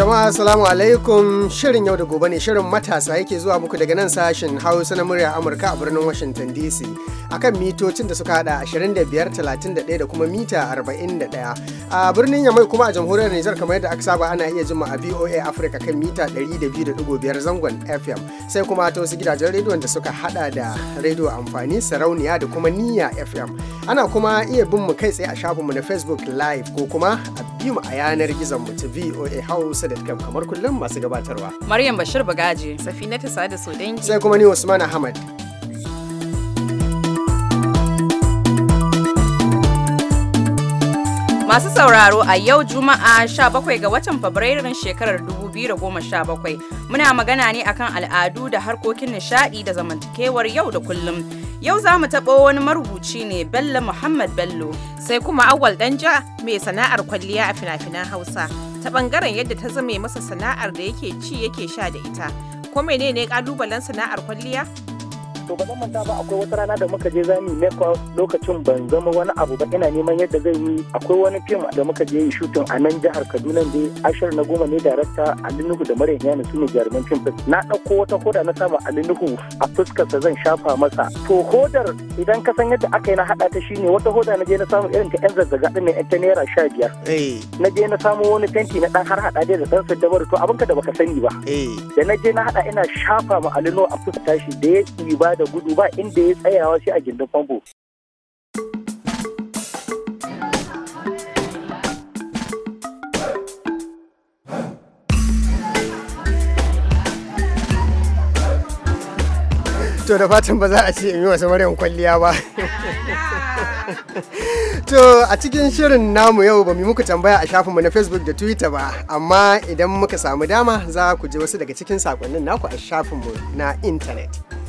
Jama'a salamu alaikum shirin yau da gobe ne shirin matasa yake zuwa muku daga nan sashen Hausa na murya Amurka a birnin Washington DC akan mitocin da suka hada 2531 da kuma mita 41. A birnin Yamai kuma a jamhuriyar Nijar kamar yadda aka saba ana iya jima a VOA Africa kan mita 102.5 zangon FM sai kuma ta wasu gidajen rediyon da suka hada da rediyo amfani sarauniya da kuma niyya FM. Ana kuma iya bin mu kai tsaye a shafinmu na Facebook Live ko kuma a bi mu a yanar gizon mu ta VOA da kam kamar kullum masu gabatarwa. Maryam Bashir Bagaji, Safina sada sau dangi. Sai kuma ni Usman Ahmad. Masu sauraro a yau Juma'a 17 ga watan Fabrairun shekarar 2017 muna magana ne akan al'adu da harkokin nishadi da zamantakewar yau da kullum. Yau za mu taɓo wani marubuci ne Bello Muhammad Bello. Sai kuma Awal ja mai sana'ar kwalliya a fina-finan Hausa ta ɓangaren yadda ta zame masa sana'ar da yake ci yake sha da ita. Ko menene ƙalubalen sana'ar kwalliya? to ba zan manta ba akwai wata rana da muka je zani Nepal lokacin ban zama wani abu ba ina neman yadda zai yi akwai wani film da muka je yi shooting a nan jihar Kaduna ne ashir na goma ne darakta Alinuhu da Maryam Yana su ne jaruman film din na dauko wata hoda na sama Alinuhu a fuskar sa zan shafa masa to hodar idan ka san yadda aka yi na hada ta shine wata hoda na je na samu irin ta yan zazzaga din ne ta naira 15 eh. na je na samu wani fenti na ɗan har hada da dan sadabar to abinka da baka sani ba eh. da na je na haɗa ina shafa ma Alinuhu a fuskar shi da ya ba da gudu ba inda ya tsayawa shi a gindin famfo to da fatan ba za a ce in yi wasu maryam kwalliya ba to a cikin shirin namu yau ba mu muku tambaya a shafinmu na facebook da twitter ba amma idan muka samu dama za ku ji wasu daga cikin sakonnin naku a shafinmu na intanet.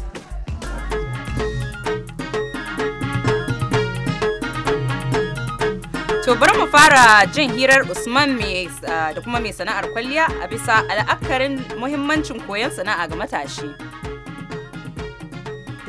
To bari mu fara jin hirar Usman ah, da kuma mai sana'ar kwalliya a bisa al'akarin muhimmancin koyon sana'a ga matashi.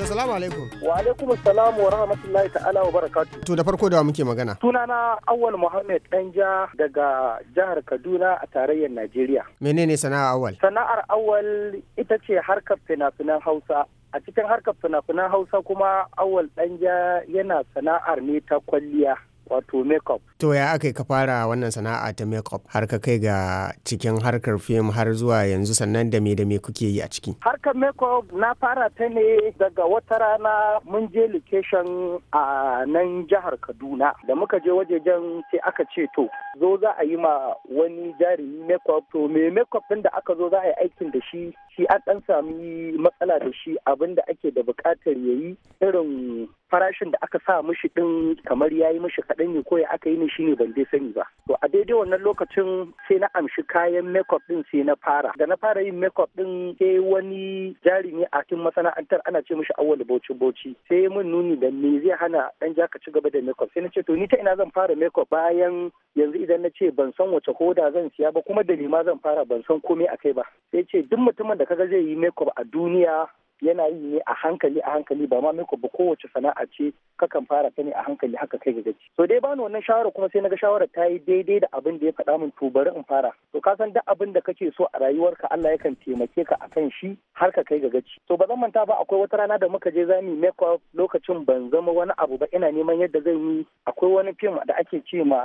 To salamu alaikum. Wa alaikum salam wa rahmatullahi ta'ala wa barakatu. To da farko da muke magana. Sunana Awal Muhammad Danja daga jihar Kaduna a tarayyar Najeriya. Menene sana'a Awal? Sana'ar Awal ita ce harkar fina-finan Hausa. a cikin harkar fina-finan hausa kuma awal danja yana sana'ar ne ta kwalliya wato makeup. To ya aka ka fara wannan sana'a ta makeup har ka kai ga cikin harkar fim har zuwa yanzu sannan da me da me kuke yi a ciki? Harkar makeup na fara ta ne daga wata rana mun je location a nan jihar Kaduna da muka je wajejen sai aka ce to zo za a yi ma wani jarumi makeup to me makeup din da aka zo za a yi aikin da shi shi an ɗan sami matsala da shi abinda ake da buƙatar ya yi irin farashin da aka sa mishi ɗin kamar ya yi mishi kaɗan ne ko ya aka yi ni shi ne ban dai sani ba. To a daidai wannan lokacin sai na amshi kayan makeup ɗin sai na fara. Da na fara yin makeup ɗin sai wani jarumi a cikin masana'antar ana ce mishi awwal bauchi bauchi sai mun nuni da me zai hana ɗan ka ci gaba da makeup sai na ce to ni ta ina zan fara makeup bayan yanzu idan na ce ban san wace hoda zan siya ba kuma da ma zan fara ban san komai akai ba. Sai ce duk mutumin da kaga zai yi makeup a duniya yana yi ne a hankali a hankali ba ma mai ba kowace sana'a ce kakan fara ta ne a hankali haka kai ga gaci so dai bani wannan shawara kuma sai naga shawara ta yi daidai da abin da ya faɗa min to bari in fara to ka san duk abin da kake so a rayuwarka Allah yakan taimake ka akan shi har ka kai ga gaci to ba zan manta ba akwai wata rana da muka je zani up lokacin ban zama wani abu ba ina neman yadda zan yi akwai wani fim da ake ce ma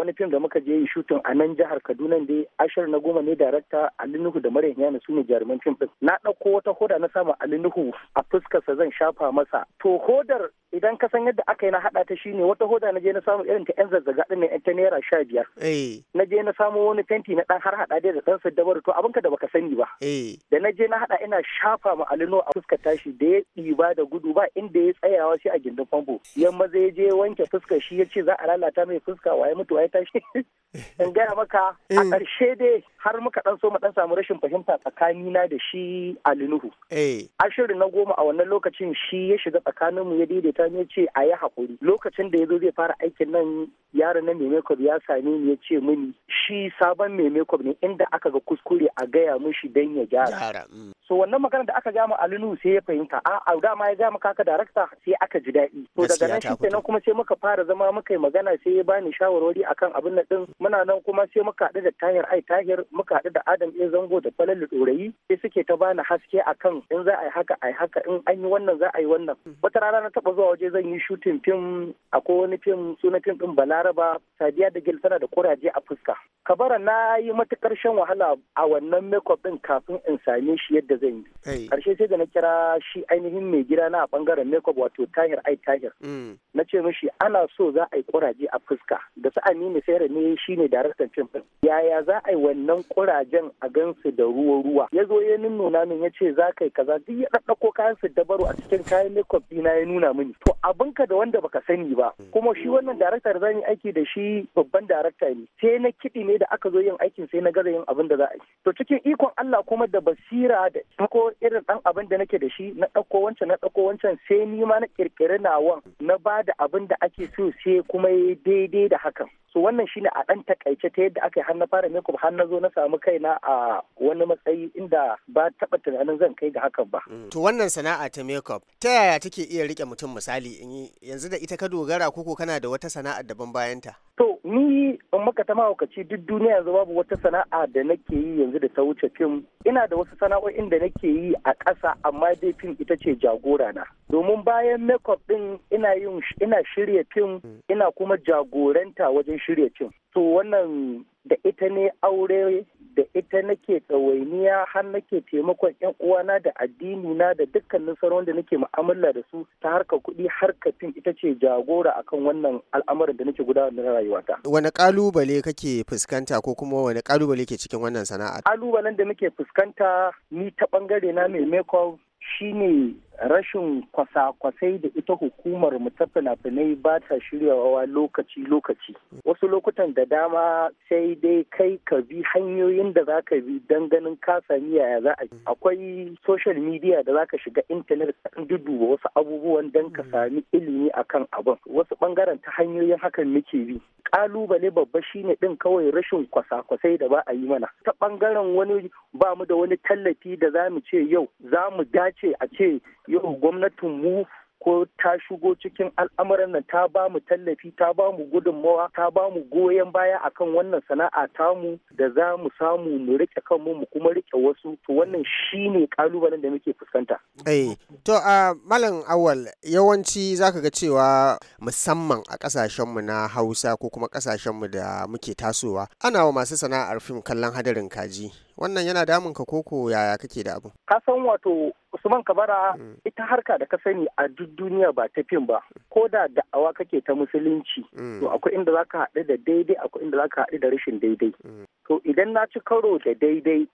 wani fim da muka je yi shooting a nan jihar Kaduna ne Ashir na goma ne director Ali Nuhu da Maryam Yana su ne jaruman fim din na ɗauko wata hoda na samu linuhu a fuskarsa zan shafa masa to hodar idan ka san yadda aka yi na haɗa ta shine wata hoda na je na samu irin ta yan zazzaga din nan ta naira sha biyar eh. na je na samu wani fenti na ɗan har haɗa dai da ɗan saddabar to abinka da baka sani ba eh. da na je na haɗa ina shafa ma alino a fuskar tashi da ya ɗiba da gudu ba inda ya tsayawa shi a gindin famfo maza ya je wanke fuskar shi ya ce za a lalata mai fuska waye mutu waye tashi in gaya maka a eh. ƙarshe dai har muka ɗan so mu ɗan samu rashin fahimta tsakanina da shi alinuhu eh. ashirin na goma a wannan lokacin shi ya shiga tsakanin mu ya daidaita ne ce a yi haƙuri lokacin da ya zo zai fara aikin nan yaron na memekob ya same ni ya ce mini shi sabon memekob ne inda aka ga kuskure a gaya mishi dan ya gyara mm. so wannan magana da aka gaya mu alinuhu sai ya fahimta a dama ya maka kaka darakta sai aka ji daɗi to daga nan shi kuma sai muka fara zama muka yi magana sai ya bani shawarwari akan abin nan din muna nan kuma sai muka haɗu da tahir ai tahir muka haɗu da adam e zango da falalu ɗorayi sai suke ta bani haske akan in za a yi haka a yi haka in an yi wannan za a yi wannan mhm. wata rana na taɓa zuwa waje zan yi shutin fim akwai wani fim suna fim ɗin balaraba sadiya da gil tana da kuraje a fuska kabara na yi matuƙar shan wahala a wannan makeup ɗin kafin in same shi yadda zan yi ƙarshe sai da na kira shi ainihin mai gida na a ɓangaren makeup wato tahir ai tahir mm. na ce mishi ana so za a yi kuraje a fuska da su aminu sayar ne shine daraktan cin fim yaya za a yi wannan kurajen a gansu da ruwa ruwa ya zo ya nuna min ya ce za ka yi kaza duk ya ɗaɗɗako kayan su dabaru a cikin kayan makeup dina ya nuna mini to abin ka da wanda baka sani ba kuma shi wannan daraktar zan yi aiki da shi babban darakta ne sai na kiɗi ne da aka zo yin aikin sai na gaza yin abin da za a yi to cikin ikon Allah kuma da basira da ko irin ɗan abin da nake da shi na ɗauko wancan na ɗauko wancan sai ni ma na ƙirƙiri nawan na ba da abin da ake so sai kuma daidai da hakan so wannan shine a ɗan takaice ta yadda aka yi har na fara makeup har na zo na samu kaina a wani matsayi inda ba taɓa tunanin zan kai ga hakan ba. Mm. To wannan sana'a ta makeup ta yaya take iya rike mutum misali yanzu da ita ka dogara koko kana da wata sana'a daban bayan ta? so ni in maka ta mahaukaci duk duniya yanzu babu wata sana'a da nake yi yanzu da ta wuce fim ina da wasu sana'o'in da nake yi a ƙasa amma dai fim ita ce jagora na domin bayan makeup din ina yin ina shirya fim hmm. ina kuma jagoranta wajen shirya fim to wannan da ita ne aure da ita nake tsawainiya har nake taimakon yan uwana da addini na da dukkanin sauran da nake mu'amala da su ta harka kuɗi har kafin ita ce jagora akan wannan al'amarin da nake gudanar da rayuwata. Wani kalubale kake fuskanta ko kuma wani kalubale ke cikin wannan sana'a? Kalubalen da muke fuskanta ni ta bangare na mai makeup shine rashin kwasa-kwasai da ita hukumar mu ta fina-finai ba ta shiryawa lokaci-lokaci wasu lokutan da dama sai dai kai ka bi hanyoyin da za ka bi don ganin ka sami yaya za a akwai social media da za ka shiga intanet kan duduba wasu abubuwan don ka sami ilimi akan abin wasu bangaren ta hanyoyin hakan muke bi kalubale babba shine din kawai rashin kwasa-kwasai da ba a yi mana ta bangaren wani ba mu da wani tallafi da za mu ce yau za mu dace a ce yau gwamnatin mu ko ta shigo cikin al'amuran nan ta ba mu tallafi ta ba mu gudunmawa ta ba mu goyon baya akan wannan sana'a tamu da za mu samu mu rike kanmu mu kuma rike wasu to wannan shine kalubalen da muke fuskanta eh to a malam awal yawanci zaka ga cewa musamman a kasashen mu na Hausa ko kuma kasashen mu da muke tasowa ana wa masu sana'ar fim kallon hadarin kaji wannan yana damun ka koko yaya kake da abu ka san wato usman kabara mm. ita harka da ka sani a duk duniya ba ta fim ba ko da da'awa kake ta musulunci mm. to akwai inda zaka haɗu da daidai akwai inda zaka haɗu da rashin daidai mm. to idan na ci karo da daidai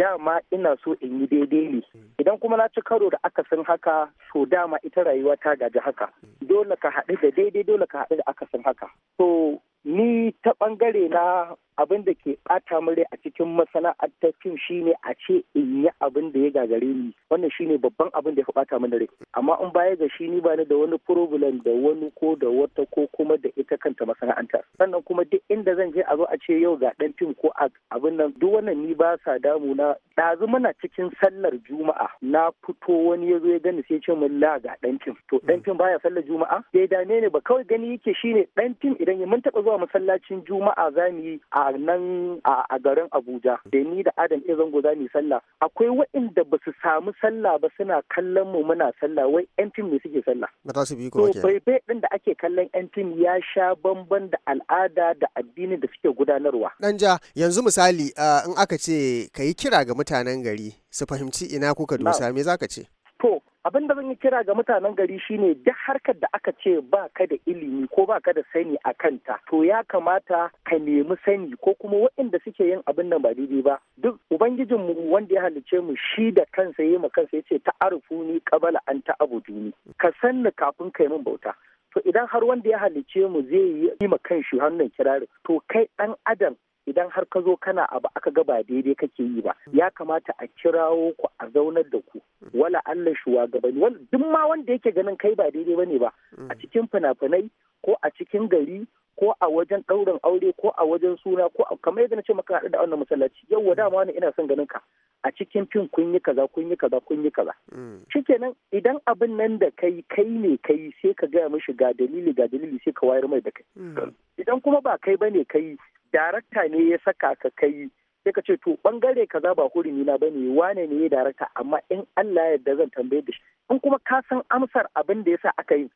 dama ina so in yi daidai ne idan kuma na ci karo da akasin haka to dama ita rayuwa ta gaji haka dole ka haɗu da daidai dole ka haɗu da akasin haka to ni ta ɓangare na abin da ke bata mure a cikin masana'antar fim shine a ce in yi abin da ya gagare ni wannan shine babban abin da ya bata mini rai amma in baya ga shi ni ba ni da wani problem da wani ko da wata ko kuma da ita kanta masana'antar sannan kuma duk inda zan je a zo a ce yau ga dan fim ko abin nan duk wannan ni ba sa damu na ɗazu muna cikin sallar juma'a na fito wani ya zo ya gani sai ce mun la ga dan fim to dan fim baya sallar juma'a sai dame ne ba kawai gani yake shine dan fim idan mun taba zuwa masallacin juma'a za yi a a nan a garin Abuja da ni da Adam Ezango za mu sallah akwai waɗanda ba su samu sallah ba suna kallon mu muna sallah wai yan tim ne suke sallah ko to baibai din da ake kallon yan tim ya sha bamban da al'ada da addini da suke gudanarwa ja, yanzu misali uh, in aka ce ka yi kira ga mutanen gari su fahimci ina kuka dosa me zaka ce abin da zan yi kira ga mutanen gari shine duk harkar da aka ce ba ka da ilimi ko ba ka da sani a kanta to ya kamata ka nemi sani ko kuma waɗanda suke yin abin nan ba daidai ba duk ubangijinmu wanda ya halice mu shi da kansa yi ma kansa ya ce ta arufu ni kabala an ta abu duni ka sanni kafin kai min bauta to idan har wanda ya halice mu zai yi ma kanshi hannun kirari to kai ɗan adam idan har ka zo kana abu aka ga ba daidai kake yi ba ya kamata a kirawo ku a zaunar da ku wala Allah shugabanni wanda duk ma wanda yake ganin kai ba daidai bane ba mm. a cikin fina-finai ko a cikin gari ko a wajen ɗaurin aure ko a wajen suna ko kamar yadda na ce maka haɗu da wannan masallaci yau wa dama ina son ganin ka a cikin fim kun yi kaza kun yi kaza kun yi kaza mm. shikenan idan abin nan da kai kai ne kai sai ka gaya mishi ga dalili ga dalili sai ka wayar mai da kai mm. idan kuma ba kai bane kai darakta ne ya saka ka kai sai ka ce to bangare kaza ba hurumi na bane wane ne ya darakta amma in Allah ya yarda zan tambaye da shi in kuma ka san amsar abin da yasa aka yi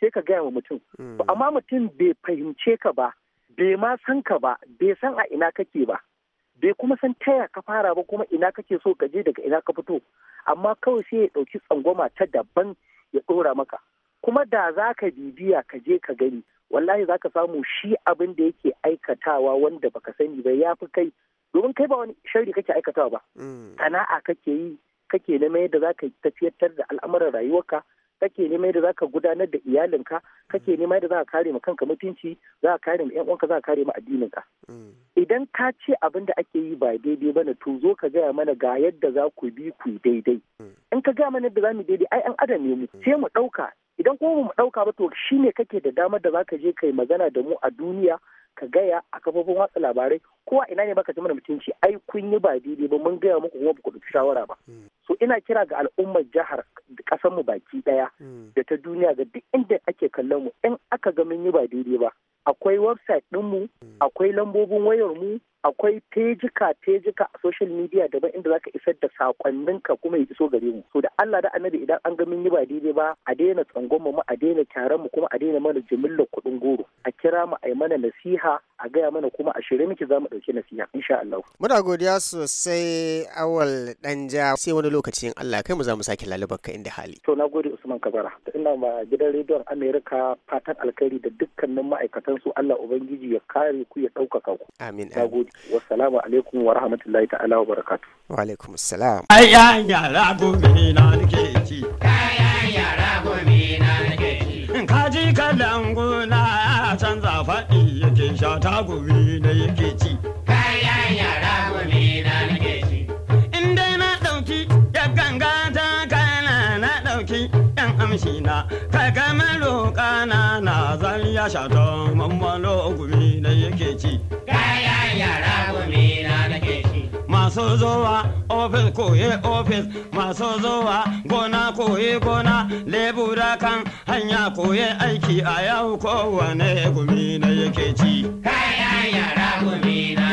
sai ka gaya wa mutum hmm. amma mutum bai fahimce ka ba bai ma san ka ba bai san a ina kake ba bai kuma san taya ka fara ba kuma ina kake so ka je daga ina ka fito amma kawai sai ya ɗauki tsangwama ta daban ya ɗora maka kuma da za ka bibiya ka je ka gani wallahi zaka samu shi abin da yake aikatawa wanda baka sani ba ya fi kai domin kai ba wani shari kake aikatawa ba mm. sana'a kake yi kake neman yadda zaka tafiyatar da al'amuran rayuwarka kake neman yadda zaka gudanar da iyalinka kake mm. neman yadda zaka kare ma kanka mutunci zaka kare ma yan uwanka zaka kare ma addininka mm. idan ka ce abin da ake yi ba daidai bane to zo ka gaya mana ga yadda za ku bi ku daidai in ka gaya mana yadda za mu daidai ai an adam ne mu sai mu ɗauka idan kuma mu ɗauka ba to ne kake da damar da zaka je kai magana da mu a duniya ka gaya a kafofin watsa labarai ko ina ne baka ji mana mutunci ai kun yi ba daidai ba mun gaya muku kuma ba ku ɗauki shawara ba hmm. so ina kira ga al'ummar jihar kasar mu baki daya hmm. da ta duniya ga duk inda ake kallon mu in aka ga mun yi ba daidai ba akwai website ɗinmu akwai lambobin wayarmu akwai pejika pejika a social media daban inda zaka isar da ka kuma ya iso gare mu so da Allah da annabi idan an ga mun yi ba daidai ba a daina tsangon mu a daina kyaran mu kuma a daina mana jimillar kuɗin goro a kira mu a yi mana nasiha a gaya mana kuma a shirye muke zamu mu ɗauki nasiha insha Allah muna godiya sosai awal danja sai wani lokacin Allah kai mu za mu sake lalubar ka inda hali to na gode Usman Kabara ina ma gidan rediyon America fatan alkhairi da dukkanin ma'aikatan fatan su Allah ubangiji ya kare ku ya ɗaukaka ku amin nagode wassalamu alaikum wa rahmatullahi ta'ala wa barakatu. wa alaikum assalam ya yara gobe na nake ci ayya yara gobe na nake ci kaji kalangu na canza faɗi yake sha ta gobe na yake ci shina kai malo kana na zan ya shato mammalo gumi da yake ci kaya yara gumi na nake ci zowa zuwa ofis koye ofis maso zowa gona koye gona lebura kan hanya koye aiki a yau kowane gumi na yake ci kaya yara gumi na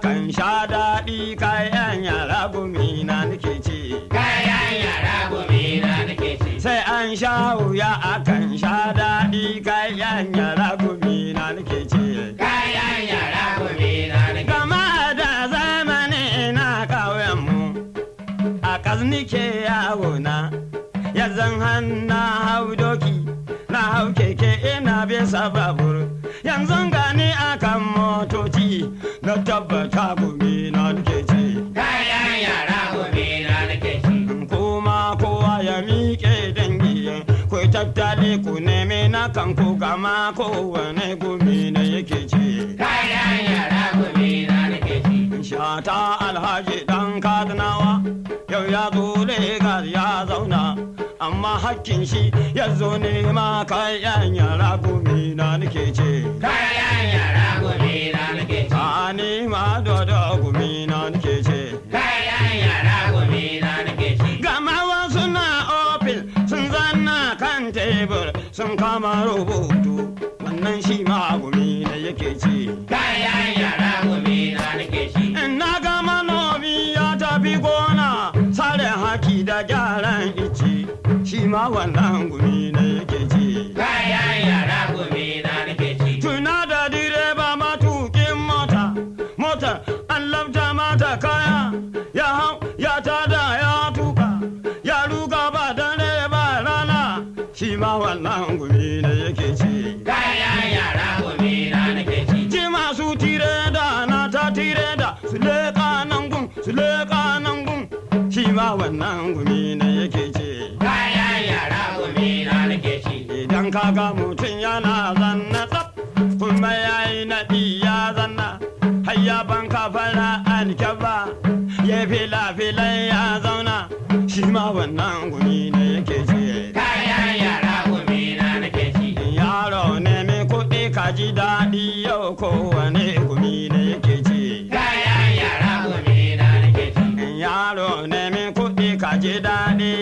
kan sha daɗi kayan yara gumi na nake ci. Kayan yara gumi na nake ci. Sai an sha wuya a kan sha daɗi kayan yara gumi na nake ci. Kayan yara gumi na nake ci. Kama da zamani na kawai mu a ƙaznike yawo na. zan hanna hau doki na hau keke ina bin sababur Yanzu gani akan motoci na tabbata gobe na ke ci. Kayan yara gobe na ke ci. Kuma kowa ya miƙe dangi ku tattale ku neme na kan ku gama kowane gobe na yake ci. Kayan yara gobe na ke ci. Shata alhaji dan kadnawa yau ya zo Legas ya zauna. Amma hakkin shi ya zo nema kayan yara gobe na nake ce. Kayan yara kama rubutu wannan shi ma gumi da yake ci kayan yara gumi na nake shi Ina ga manomi ya tafi gona sare haki da gyaran ici shi ma wannan ba wannan gumi na yake ce kayan yara gumi na nake ci idan kaga mutum yana zanna tsaf kuma yayi naɗi ya zanna Hayya ban ka fara alkyaba ya fila fila ya zauna shi ma wannan gumi na yake ce kayan yara gumi na nake ci yaro ne mai kuɗi ka ji daɗi yau kowane gumi daɗi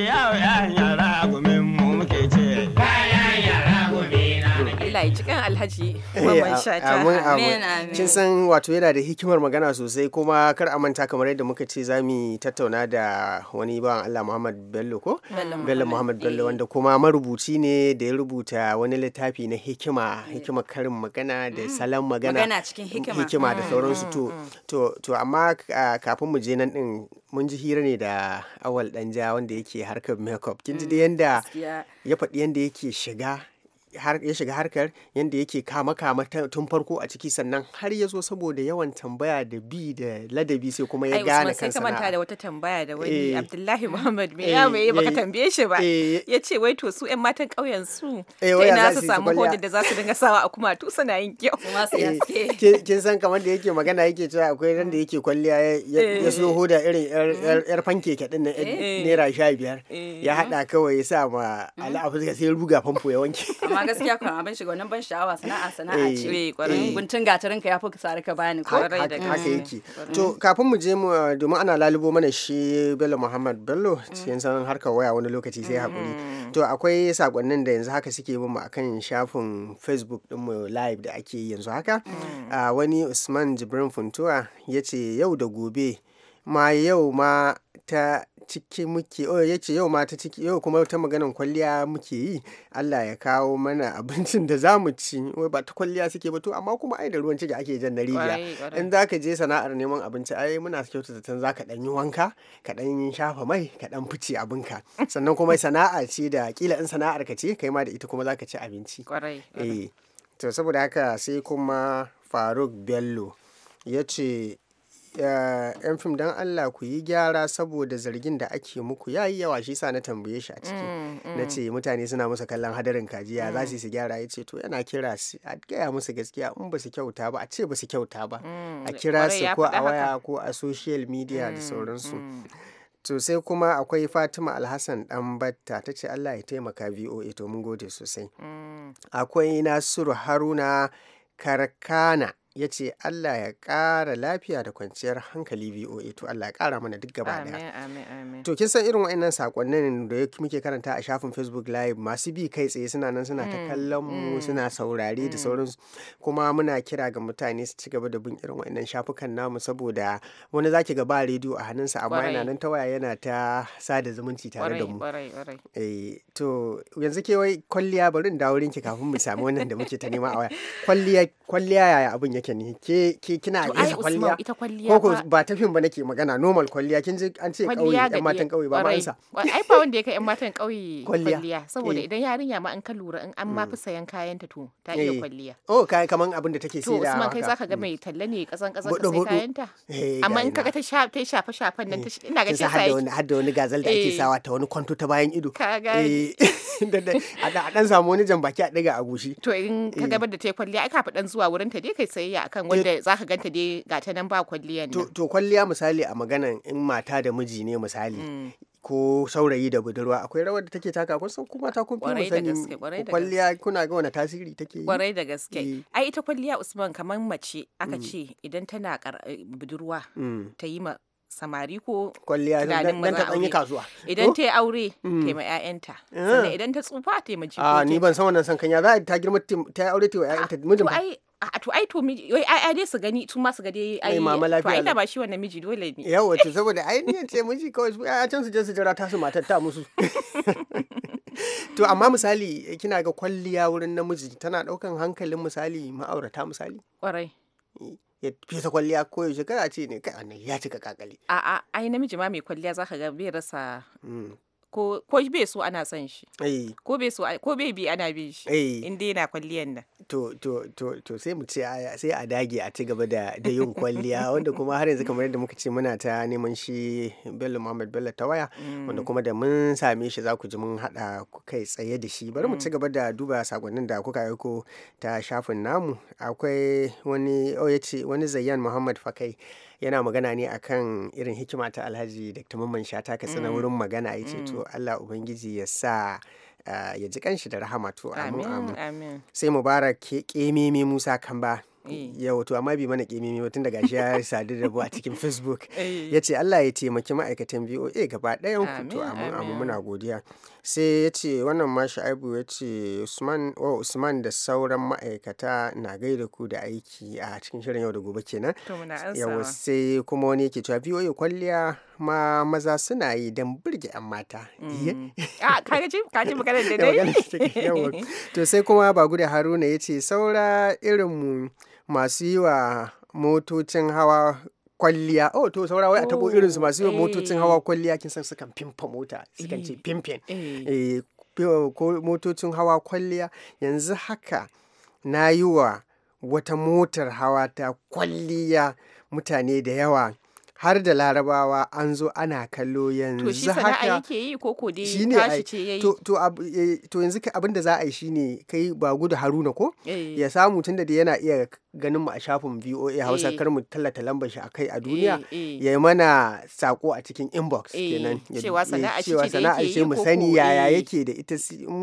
Alhaji eh, Mamman Shata. Amin amin. Kin san wato yana da hikimar magana sosai kuma kar a manta kamar yadda muka ce za mu tattauna da wani bawan Allah Muhammad Bello ko? Bello Muhammad Bello eh. wanda kuma marubuci ne da ya rubuta wani littafi na hikima, hikima karin magana da mm. salon magana. Magana cikin hikima. Hikima da mm, sauransu mm, to to to amma kafin mu je nan din mun ji hira ne da awal danja wanda yake harkar makeup. Kin ji da yanda ya faɗi yanda yake shiga ya shiga harkar yadda yake kama kama tun farko a ciki sannan har ya zo saboda yawan tambaya da bi da ladabi sai kuma ya gane kansa na manta da wata tambaya da wani eh. Abdullahi Muhammad me ya mai baka eh, tambaye shi ba eh. ya ce wai to su yan matan ƙauyen su sai na su samu hodin da za su dinga sawa a kuma tu suna yin kyau kin san kamar da yake magana yake cewa akwai ran da yake kwalliya ya so hoda irin yar fanke mm. kaɗin na naira sha biyar ya hada kawai ya sa ma mm. ala'afu sai ruga famfo ya wanke gaskiya kuma abin shiga wannan ban sha'awa sana'a sana'a eh, ce eh. kwarin guntun gatarin ka yafi sare ka bani kwarai da haka yake to kafin mu je mu domin ana lalubo mana shi Bello Muhammad Bello cikin san harkar waya wani lokaci sai mm-hmm. hakuri to akwai sakonnin da yanzu haka suke bin mu akan shafin Facebook din mu live da ake yanzu haka mm. ah, wani Usman Jibrin Funtuwa yace yau da gobe ma yau ma ta ciki muke oh ya ce yau ma ta ciki yau kuma ta maganan kwalliya muke yi Allah ya kawo mana abincin da za mu ci wai ba ta kwalliya suke ba to amma kuma ai da ruwan ciki ake jan na rijiya in za ka je sana'ar neman abinci ai muna kyauta zaton za ka dan yi wanka ka dan yi shafa mai ka dan fice abinka sannan kuma sana'a ce da kila in sana'ar ka ce kai ma da ita kuma za ka ci abinci kwarai eh to saboda haka sai kuma Faruk Bello ya ce 'yan fim don Allah ku yi gyara saboda zargin da ake muku ya yi yawa shi sa na tambaye shi a ciki mm, na mm. ce mutane suna musu kallon hadarin kajiya za su mm. su gyara ya ce to yana kira su a gaya musu gaskiya in ba su kyauta ba a ce ba su kyauta ba a kira su ko a waya ko a social media da sauransu to sai kuma akwai fatima alhassan dan batta ta ce allah ya taimaka voa to mun gode sosai akwai nasiru haruna karkana ya ce Allah ya ƙara lafiya da kwanciyar hankali VOA to Allah ya ƙara mana duk gaba daya. To kin san irin wa'annan sakonnin da muke karanta a shafin Facebook Live masu bi kai tsaye suna nan suna ta hmm, kallon mu hmm, suna saurare da hmm. sauransu kuma muna kira ga mutane su ci gaba da bin irin wa'annan shafukan namu saboda wani zaki ga ba rediyo a sa amma yana nan ta waya yana ta sada zumunci tare da mu. Eh to yanzu ke wai kwalliya bari in dawo kafin mu sami wannan da muke ta nema a waya. Kwalliya kwalliya yaya abin yake nake ne ke ke kina yasa kwalliya ita kwalliya ko ko ba ta fim ba nake magana normal kwalliya kin ji an ce kauye yan matan kauye ba ba sa ai fa wanda ya kai yan matan kauye kwalliya saboda eh. idan yarinya ma an ka lura in an ma mm. fi sayan kayan ta to ta iya eh. kwalliya oh kai kaman abin da take sayarwa to Usman kai zaka ga mai mm. talle ne kasan kasan ka sai kayan ta eh, amma in kaga ta ta shafa shafan nan ta ina ga shi sai wani hadda wani gazal da ake sawa ta wani kwanto ta bayan ido kaga a dan samu wani jan baki a daga a gushi to in ka gabar da ta kwalliya ai ka fi dan zuwa wurin ta dai kai sai kwalliya akan eh, wanda za ka ganta dai ga ta nan ba kwalliya ne. to kwalliya misali a maganan in mata da miji ne misali mm. ko saurayi da budurwa akwai rawar da take taka kun san kuma ta kun fi sani kwalliya kuna ga wani tasiri take yi kwarai da gaske eh. ai ita kwalliya usman kamar mace aka mm. ce idan tana eh, budurwa mm. ta yi ma samari ko kwalliya dan ta dan yi kasuwa idan ta yi aure ta ma ƴaƴanta ah. sannan idan ta tsufa ta ma jikoki a ah, ni ban san wannan san kanya za ta girma ta yi aure ta ma ƴaƴanta mijin ba a to ai to miji wai ai dai su gani tun ma su ga dai ai to ai da ba shi wannan miji dole ne yawa to saboda ai ne ce miji kawai su a can su je su jira ta su matar ta musu to amma misali kina ga kwalliya wurin namiji tana daukan hankalin misali ma'aurata misali kwarai ya fesa kwalliya ko yaushe kana ce ne kai ya cika kakali a a ai namiji ma mai kwalliya zaka ga bai rasa mm. ko bai so ana son shi eh. ko bai bi ana bin shi eh. in dai kwalliyan nan to sai mu ce sai a dage a ci gaba da yin kwalliya wanda kuma har yanzu kamar yadda muka ce muna ta neman shi Bello Muhammad Bello ta waya wanda mm. kuma da mun same shi za ku ji mun hada kai tsaye da shi bari mu ci mm. gaba da duba sakonnin da kuka aiko ta shafin namu akwai wani oh wani Zayyan Muhammad Fakai yana magana ne akan irin hikima ta alhaji dr mamman shata ka tsina mm. wurin magana ya ce mm. to allah ubangiji ya sa ah, ya ji kanshi da rahama to amin amin sai mubarak ke kememe musa kamba Eh. yau to amma bi mana kimimi ba tun daga gashi ya sadu da bu a cikin facebook eh. ya ce allah ya taimaki ma'aikatan voa gaba ɗayan ku to amma muna godiya sai ya ce wannan ma sha'ibu ya ce oh, usman da sauran ma'aikata na gaida ku da aiki a cikin shirin yau da gobe kenan yau sai kuma wani yake cewa voa kwalliya ma maza suna yi don burge 'yan mata mm. ah, kaji magana da dai to sai kuma ba guda haruna ya ce saura irinmu masu yi wa motocin hawa kwalliya oh to saura wai a tabo oh, irin su masu yi wa eh. motocin hawa kwalliya kin san sukan fimfa mota sukan ce fimfin eh, eh. ko motocin hawa kwalliya yanzu haka na yi wa wata motar hawa ta kwalliya mutane da yawa har da larabawa an zo ana kallo yanzu haka yake yi ko to to, eh, yanzu abin da za a yi shine kai ba gudu Haruna ko eh. ya samu tunda da yana iya ganin mu a shafin VOA Hausa eh. kar mu tallata lambar shi akai a duniya ya mana sako a cikin inbox kenan cewa sana'a ce mu sani yaya yake da ita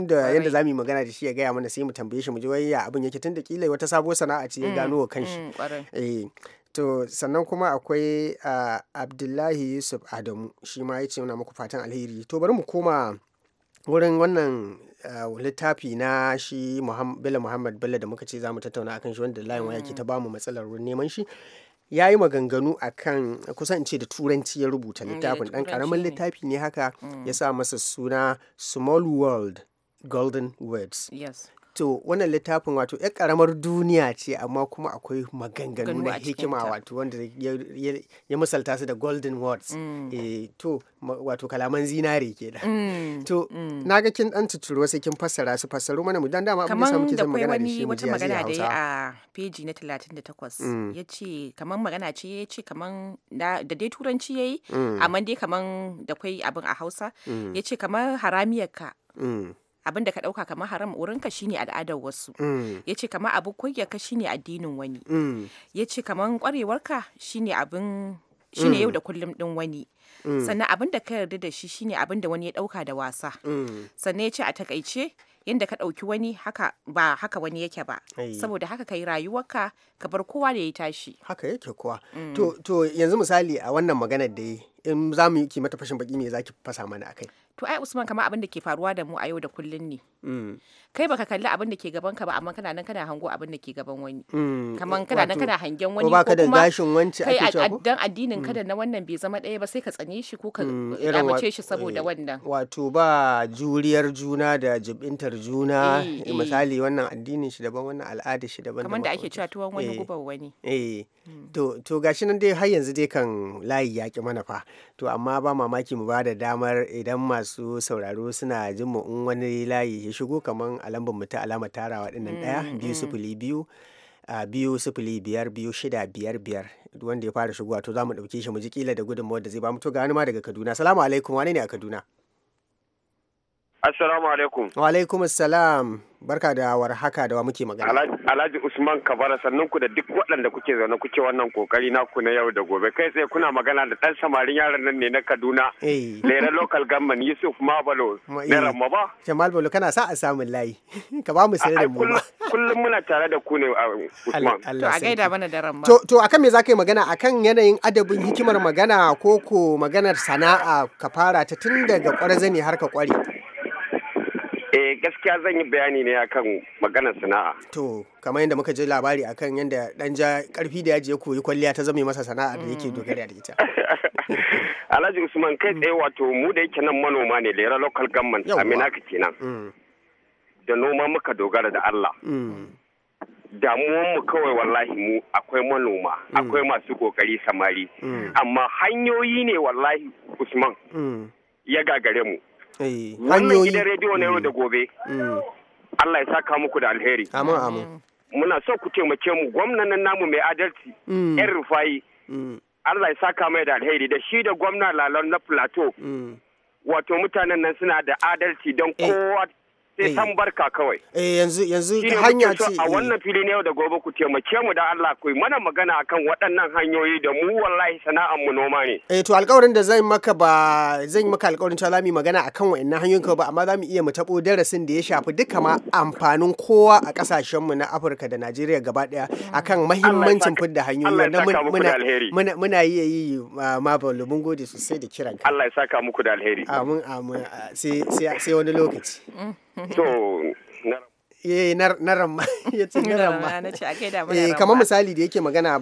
da yanda zamu yi magana da shi ya gaya mana sai mu tambaye shi mu ji wai abin yake tunda kila wata sabuwar sana'a ce ya mm, gano wa kanshi mm, eh to sannan kuma akwai uh, abdullahi yusuf adamu shi ma ya ce muna muku fatan alheri to bari mu koma wurin wannan uh, littafi na shi bello muhammad bello da muka ce za mu tattauna akan shi wanda layin waya ke ta bamu mm. matsalar wurin neman shi ya yi maganganu a kan kusan da turanci ya rubuta mm, littafin ɗan karamin littafi ne haka ya mm. sa masa suna small world golden words to wannan littafin wato ya karamar duniya ce amma kuma akwai maganganu na hikima wato wanda ya misalta su da golden words mm. eh, to wato kalaman zinare ke da mm, to mm. na ga kin dan tuturu wasu kin fassara su fassaru mana mu dan dama abin da samu magana da shi mu ji magana da a page na 38 ce kaman magana ce ya ce kaman da dai turanci ya yi amma dai kaman da kwai abin a Hausa ya ce kaman haramiyarka abin ka dauka kamar haram urinka shine al'adar wasu mm. ya ce kamar abin kuyyarka shine addinin wani mm. ya ce kamar kwarewarka shine abin shine mm. yau da kullum din wani sannan abin da ka yarda da shi shine abin da wani ya dauka da wasa sannan ya ce a takaice yadda ka ɗauki wani haka ba haka wani yake ba saboda haka ka yi rayuwarka ka bar kowa da ya tashi haka yake kuwa to yanzu misali a wannan maganar da yi in za mu yi mata fashin baki me zaki fasa mana akai to ai usman kamar abin da ke faruwa da mu a yau da kullun ne mm. kai baka kalli abin da ke gaban ka ba amma kana nan kana hango abin da ke gaban wani mm. kamar kana nan kana hangen wani ko kuma kai dan addinin mm. da na wannan bai zama ɗaya ba sai ka tsane shi ko ka eh, amince shi saboda eh, wannan wato ba juriyar juna da jibintar juna eh, misali wannan addinin shi daban wannan al'ada shi daban kamar da ake cewa tuwon wani gubar wani eh to gashi nan dai har yanzu dai kan layi yaƙi mana fa to amma ba mamaki mu ba da damar idan masu sauraro suna jin mu in wani layi ya shigo kaman a lambar mu ta alama tarawa nan ɗaya mm, biyu mm. sifili biyu a biyu sifili biyar biyu shida biyar biyar wanda ya fara shigo to za mu ɗauke shi mu ji kila da gudunmawar da zai ba mu to ga wani ma daga kaduna salamu alaikum wane ne a kaduna Assalamu alaikum. Wa alaikum assalam. Barka da haka da wa muke magana. Alhaji Usman Kabara sannan ku da duk waɗanda kuke zaune kuke wannan kokari ku na yau da gobe. Kai sai kuna magana da ɗan samarin yaran nan ne na Kaduna. Eh. Lera local government Yusuf Mabalo. Na Ramma ba. Jamal Balo kana sa a samun layi. Ka ba mu sirrin mu. Kullum muna tare da ku ne Usman. To a gaida mana da Ramma. To to akan me za ka yi magana akan yanayin adabin hikimar magana ko ko maganar sana'a ka fara ta tun daga ƙwarazani har ka ƙware. Eh gaskiya zan yi bayani ne akan maganar sana'a. To, kamar yadda muka ji labari akan yadda dan ja karfi da yaji ya koyi kwalliya ta zame masa sana'a da yake dogara da ita. Alhaji Usman kai tsaye wato mu da yake nan manoma ne lera local government Aminaka kenan. Mm. Da noma muka dogara da Allah. Mm. damuwanmu kawai wallahi mu akwai manoma mm. akwai masu kokari samari amma hanyoyi ne wallahi usman ya gagare mu Eh, wannan gidan rediyo na yau da mm. gobe mm. Allah ya saka muku da alheri amin amin muna so ku taimake mu gwamnatin namu mai adalci mm. yan rufayi Allah ya saka mai da alheri da shi da gwamna lalon na plateau wato mutanen nan suna da adalci don eh. kowa sai san eh. barka kawai. Eh yanzu yanzu ta hanya ce. A eh. wannan fili ne yau da gobe ku taimake mu da Allah ku mana magana akan waɗannan hanyoyi da mu wallahi sana'ar mu noma ne. Eh to alƙawarin da zan maka ba zan maka alƙawarin cewa zamu magana akan waɗannan hanyoyin ba amma zamu iya mu tabo darasin da ya shafi duka ma amfanin kowa a ƙasashen mu na Afirka da Najeriya gaba ɗaya akan mahimmancin fidda hanyoyi na muna muna iya yi ma Bello mun gode sosai da kiranka. Allah ya saka muku da alheri. Amin amin sai wani lokaci. Mm. So Eh, na ramma ya ce ramma ce eh, kamar misali da yake magana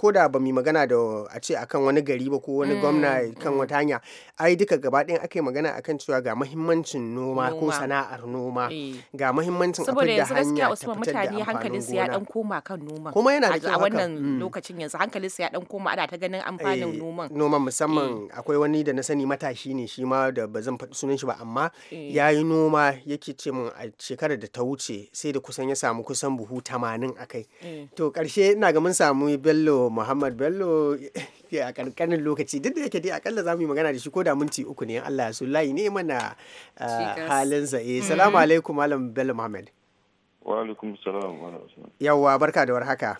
ko da ba mu magana da a ce akan wani gari ba ko wani gwamna mm, kan mm. wata hanya ai duka gaba ɗayan ake magana akan cewa ga mahimmancin noma ko sana'ar noma eh. ga mahimmancin a da hanya ta fitar da amfanin gona ya dan koma kan noma kuma yana da kyau a wannan mm. lokacin yanzu hankalin su ya dan koma ana ta ganin amfanin noman noman musamman akwai wani da na sani matashi ne shi ma da ba zan faɗi sunan shi ba amma yayi noma yake ce mun a shekarar da ta wuce ce sai da kusan ya samu kusan buhu tamanin a kai eh. to karshe ina ga mun samu bello muhammad bello a kankanin lokaci duk da yake dai akalla za mu yi magana da shi ko da minti uku ne allah su layi ne mana ah, halin eh mm-hmm. salamu alaikum malam bello muhammad wa alaikum salam wa yawwa barka da haka.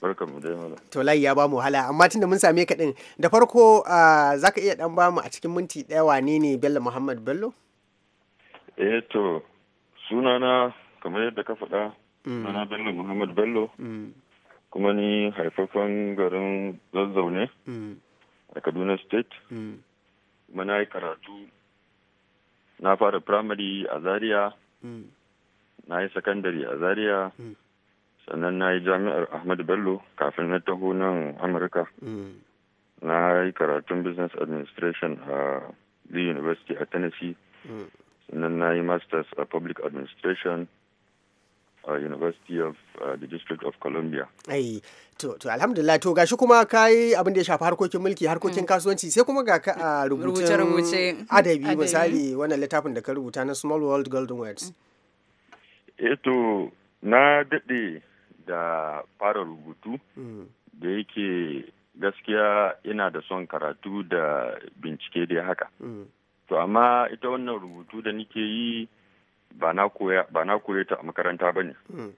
barka mu dai mala to layi ya bamu wahala amma tunda mun same ka din da farko ah, za ka iya dan bamu a cikin minti daya wane ne bello muhammad bello eh to sunana kamar yadda ka faɗa mm. na bello muhammad bello mm. kuma ni haifafan garin zazzaune mm. a kaduna state kuma na yi karatu na fara primary a zaria na yi secondary a zaria sannan na yi jami'ar ahmad bello kafin na taho nan amurka na yi karatun business administration a the university a tennessee sannan na yi masters a public administration uh, University of uh, the District of Columbia. Ai, to, to alhamdulillah to gashi kuma ka yi abin da ya shafi harkokin mulki harkokin mm. kasuwanci sai kuma ga ka a rubutun adabi misali wannan littafin da ka rubuta na Small World Golden Words. Mm. Eto, eh, to na daɗe da fara rubutu mm. da yake gaskiya ina da son karatu da bincike dai haka. To amma ita wannan rubutu da nike yi ba na koya ta a makaranta ba ne hmm.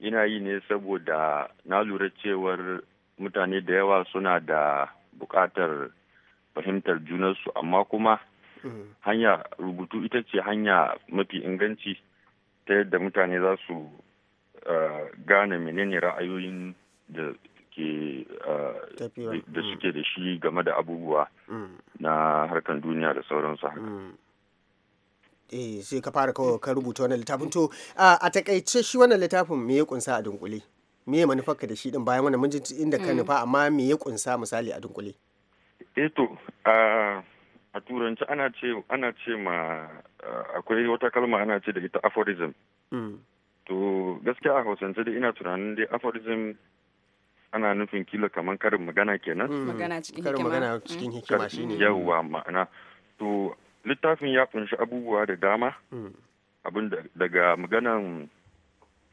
ina yi ne saboda na lura cewar mutane da yawa suna da bukatar fahimtar junarsu amma kuma hmm. hanya rubutu ita ce hanya mafi inganci ta yadda mutane za su eh, gane menene ra'ayoyin da ke eh, da hmm. suke da shi game da abubuwa na harkar duniya da sauransu haka. eh sai ka fara kawai ka rubuta wannan littafin to a takaice shi wannan littafin me ya kunsa a dunkule me ya ka da shi din bayan wannan mun ji inda ka hmm. nufa amma me ya kunsa misali a dunkule eh to a turanci ana ce ana ce ma akwai wata kalma ana ce da ita aphorism hmm. to gaskiya a hausance dai ina tunanin dai aphorism ana nufin kila kamar karin magana kenan hmm. magana cikin hikima karin magana cikin hikima shine yawwa ma'ana to littafin ya kunshi abubuwa da dama hmm. abin daga maganan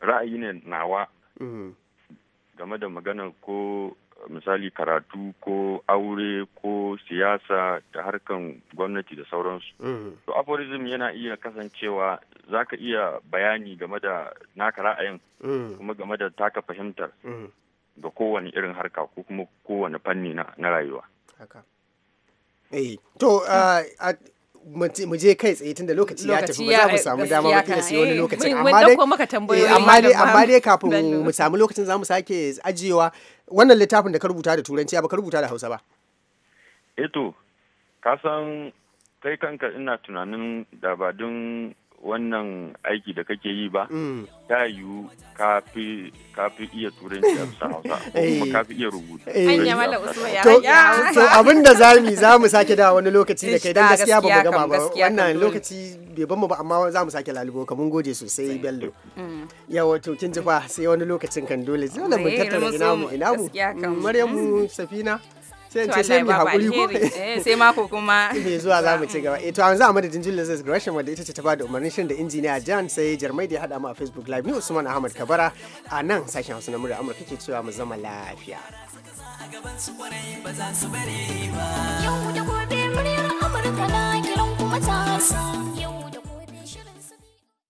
ra'ayi ne nawa hmm. game da maganar ko misali karatu ko aure ko siyasa da harkan gwamnati da sauransu. Hmm. To aphorism yana iya kasancewa za ka iya bayani game da naka ra'ayin kuma game da taka fahimtar ga kowane irin harka ko kuma kowane fanni na rayuwa. Eh, to, ah, mu je kai tsaye tunda lokaci ya tafi ba za mu samu dama ba kila sai wani lokacin eh, amma dai amma dai amma dai kafin mu samu lokacin za mu sake ajiyewa wannan littafin da ka rubuta da turanci ba ka rubuta da Hausa ba eh to ka san kai kanka ina tunanin dabadun. wannan aiki da kake yi ba mm. ta yiwu kafi iya turanci a bisa hausa kuma eh. kafi iya rubutu eh. to abin da za mu za mu sake da wani lokaci da kai don gaskiya ba mu gama ba wannan lokaci bai mu ba amma za mu sake lalubo ka mun gode sosai bello mm. yawa to kin ji fa sai wani lokacin kan dole zai mu tattara ina mu ina mu mm, maryamu safina sai ce sai mu hakuri ko eh, sai mako kuma me zuwa za mu ci gaba eh to yanzu a madadin Julius Gresham wanda ita ce ta bada umarnin shirin da injiniya Jan sai Jarmai da ya hada mu a Facebook Live ni Usman Ahmad Kabara a nan sashen Hausa na murya Amurka ke cewa mu zama lafiya Yau da gobe muryar Amurka na kiran kuma ta